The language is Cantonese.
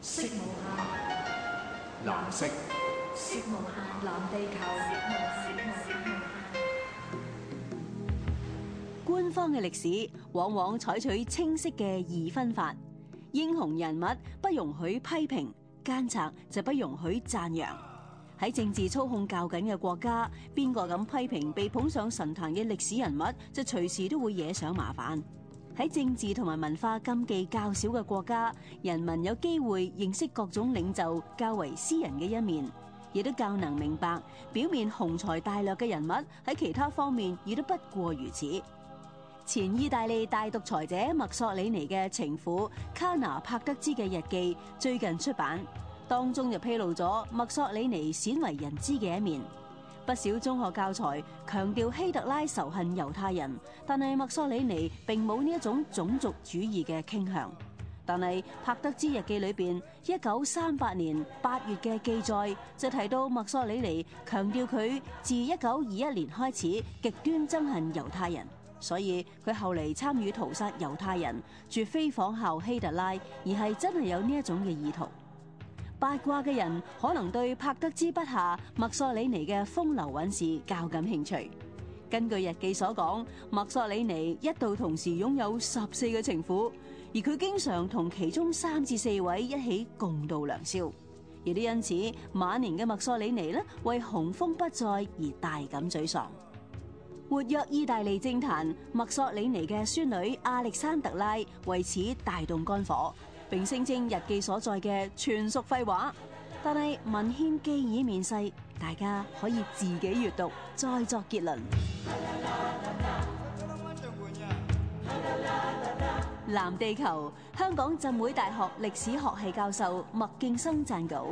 色無限，藍色；色無限，藍地球。官方嘅歷史往往採取清晰嘅二分法，英雄人物不容許批評，奸賊就不容許讚揚。喺政治操控較緊嘅國家，邊個敢批評被捧上神壇嘅歷史人物，就隨時都會惹上麻煩。喺政治同埋文化禁忌較少嘅國家，人民有機會認識各種領袖較為私人嘅一面，亦都較能明白表面雄才大略嘅人物喺其他方面亦都不過如此。前意大利大獨裁者墨索里尼嘅情婦卡娜帕德茲嘅日記最近出版，當中就披露咗墨索里尼鮮為人知嘅一面。不少中學教材強調希特拉仇恨猶太人，但係墨索里尼並冇呢一種種族主義嘅傾向但是。但係柏德之日記裏面，一九三八年八月嘅記載就提到墨索里尼強調佢自一九二一年開始極端憎恨猶太人，所以佢後嚟參與屠殺猶太人，絕非仿效希特拉，而係真係有呢一種嘅意圖。八卦嘅人可能對柏德之筆下墨索里尼嘅風流韻事較感興趣。根據日記所講，墨索里尼一度同時擁有十四個情婦，而佢經常同其中三至四位一起共度良宵。亦都因此晚年嘅墨索里尼呢為雄風不再而大感沮喪。活躍意大利政壇，墨索里尼嘅孫女亞歷山德拉為此大動肝火。並聲稱日記所在嘅全屬廢話，但係文獻既已面世，大家可以自己閱讀再作結論。藍地球，香港浸會大學歷史學系教授麥勁生撰稿。